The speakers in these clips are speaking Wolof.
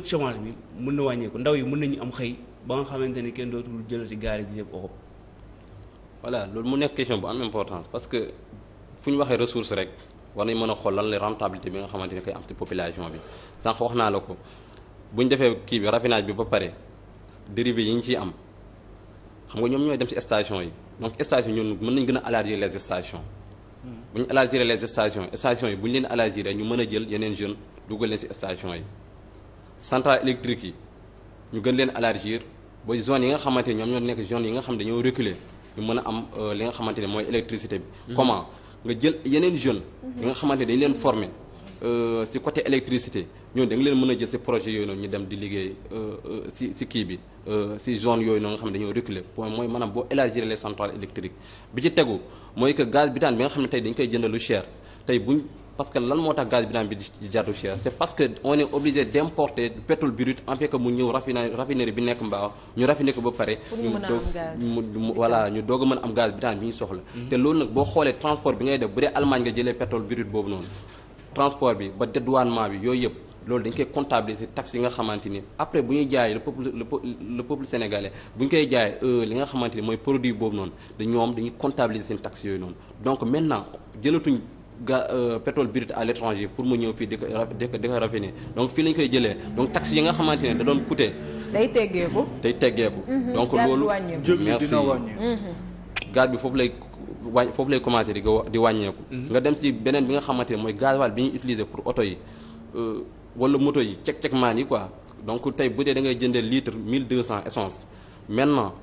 taux de bi mën na wàññeeku ndaw yi mun nañu am xëy ba nga xamante ni kenn dootul jël ci gaal yi yëpp Europe. voilà loolu mu nekk question bu am importance parce que fu ñu waxee ressource rek war nañ mën a xol lan la rentabilité bi nga xamante ne koy am ci population bi sànq wax naa la ko bu ñu defee kii bi raffinage bi ba pare dérivé yi ñu ciy am xam nga ñoom ñooy dem ci station yi donc station ñun mën nañ gën a élargir les stations. Hmm. bu ñu élargir les stations stations yi bu ñu leen élargir ñu mën a jël yeneen jeunes dugal leen station yi. centrales électriques yi ñu gën leen élargir ba zone yi nga xamante ne ñoom ñoo nekk zone yi nga xam ne dañoo reculer ñu mën a am euh, li nga xamante ne mooy électricité bi. Mhm. comment nga jël yeneen jeunes. Mhm. yi nga xamante ne dañu leen former euh, ci côté électricité ñooñu da nga leen mën a jël ci projet yooyu noonu ñu dem di liggéey euh, ci ci kii bi ci zone yooyu noonu nga xam ne dañoo reculer point mooy maanaam boo élargir les centrales électriques bi ci tegu mooy que gaz butane bi nga xam ne tey dañu koy jënd lu cher parce que lan moo tax gaz bilan bi di jàddu cher c'est parce que on est obligé d'importer pétrole brut en fait mu ñëw raffinerie bi nekk mbaaw ñu raffiné ko ba pare ñu doog ñu doog a mën am gaz bilan bi ñu soxla mhm. te loolu nag boo xoolee transport bi ngay def bu dee Allemagne nga jëlee pétrole brut boobu noonu transport bi ba dédouanement bi yooyu yëpp loolu dañ koy comptabiliser taxes yi nga xamante ni après bu ñuy jaay le peuple le peuple sénégalais koy jaay euh, li nga xamante ni mooy produit boobu noonu da dañuy comptabiliser seen taxes yooyu noonu donc ga euh, pétrole brut à l'étranger pour mu ñëw fii di ko di ko donc fii lañ koy jëlee donc taxe yi nga xamante ne da doon coûter. day teggeeku day teggeeku. Mhm. donc loolu merci mhm. gaz bi foofu lay wàññ foofu lay commencé di di wàññeeku. Mhm. nga dem si beneen bi nga xamante ne mooy gasoil bi ñuy utiliser pour oto yi euh, wala moto yi cek cek maan yi quoi donc tey bu dee da ngay jëndee litre mille deux cent essence maintenant.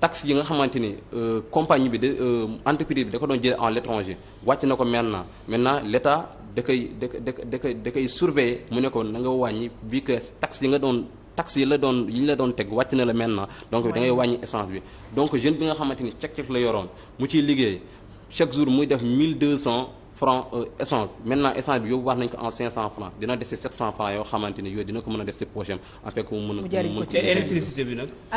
taxe yi nga xamante ni euh, compagnie bi de euh, entreprise bi da doon jële en l'étranger wàcc na ko maintenant maintenant l'État da koy da da koy da mu ne ko na nga wàññi vu que taxe yi nga doon taxe yi la doon yi la doon teg wàcc na la maintenant donc da ngay wàññi essence bi donc jeune bi nga xamante ni cek-cek la yoroon mu ci liggéey chaque jour muy def 1200 francs euh, essence maintenant essence bi yóbbu wax nañ ko en 500 francs dina dese 700 francs yoo xamante ni yooyu dina ko mën a def si poche am en fait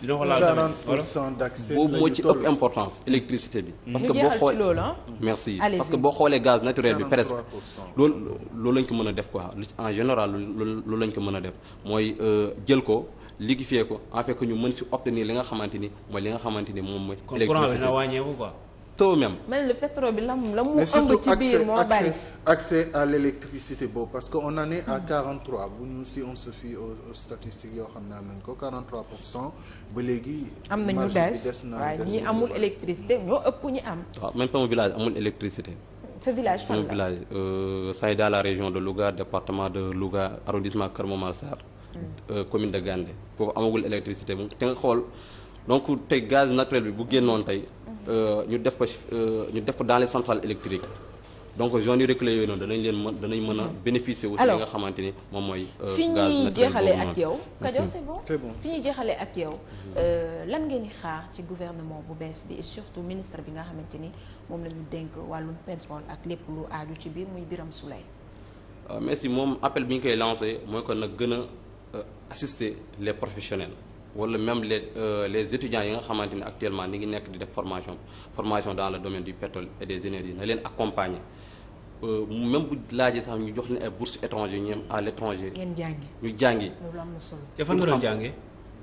dina ko laal tamit boobu moo ci ëpp importance électricité bi. Mm-hmm. parce que boo xoolee merci parce que boo xoolee gaz naturel bi presque. loolu loolu lañ ko mën a def quoi en général loolu lañ ko mën a def mooy euh, jël ko liquéfier ko en fait ñu mën si obtenir li nga xamante ni mooy li nga xamante ni moom mooy. électricité bi na wàññeeku quoi. taux même. mel le pétrole bi la mu la mu ëmb ci biir moo bari accès à l'électricité boobu parce que on en à bu ñu si on se fie aux statistiques yoo xam ne am nañ ko 43 pour cent ba léegi. am na ñu des waaw ñi amul électricité ñoo ëpp ñi am. waaw même sama village amul électricité. sa village fan la village ça euh, la région de Louga département de Louga arrondissement Kër Momar Sarr. Hmm. Euh, commune de Gandé foofu amagul électricité moom te nga xool donc tey gaz naturel bi bu génnoon tey. Euh, ñu def ko euh, ñu def ko dans les centrales électriques donc zone yu reculé yooyu noonu danañ leen mën danañ mën a mhm. bénéficier wu. alors nga xamante ni moom mooy. Euh, fi ñuy jeexalee ak yow. Kajo c'est bon fi ñuy jeexalee ak yow. Mhm. lan ngeen di xaar ci gouvernement bu bees bi et surtout ministre bi nga xamante ni moom la ñu dénk wàllum pétrole ak lépp lu aaju ci biir muy biram Souleye. merci moom appel bi ñu koy lancé mooy kon nag gën a assister les professionnels. wala même le euh, les étudiants yi nga xamante ni actuellement ni ngi nekk di def formation formation dans le domaine du pétrole et des énergies na leen accompagner euh, même bu laajee sax ñu jox leen ay bourses étrangers ñu à l' étranger. ngeen jàngi ñu jàngi. loolu am na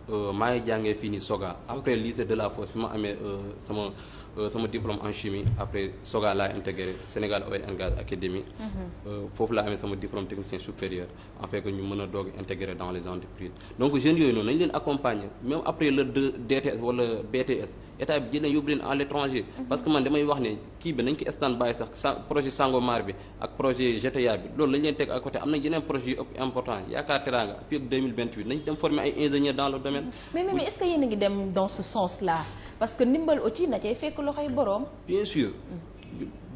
Euh, maa ngi jàngee fii nii Soga après lycée de la Fosse fi ma amee euh, sama euh, sama diplôme en chimie après Soga laa intégré Sénégal Oil and Gas Academy. Mhm. foofu laa amee sama diplôme technicien supérieur en fait ñu mën a doog intégré dans les entreprises donc jeunes yooyu noonu nañu leen accompagner même après le DTS wala BTS. état bi jëlee yóbbu leen à l'étranger parce que man damay wax ne kii bi nañ ko stand sax projet Sangomar bi ak projet GTA bi loolu lañ leen teg à côté am na yeneen projet yu ëpp important yaakaar teraanga fii ak 2028 nañ dem former ay ingénieurs dans le domaine mais mais est-ce que yéen a ngi dem dans ce sens là parce que ndimbal aussi na cay fekk loxoy boroom bien sûr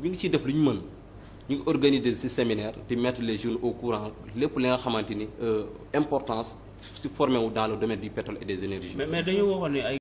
ñu ngi ciy def lu ñu mën ñu ngi organiser ci séminaire di mettre les jeunes au courant lépp li nga xamante ni euh, importance si former wu dans le domaine du pétrole ne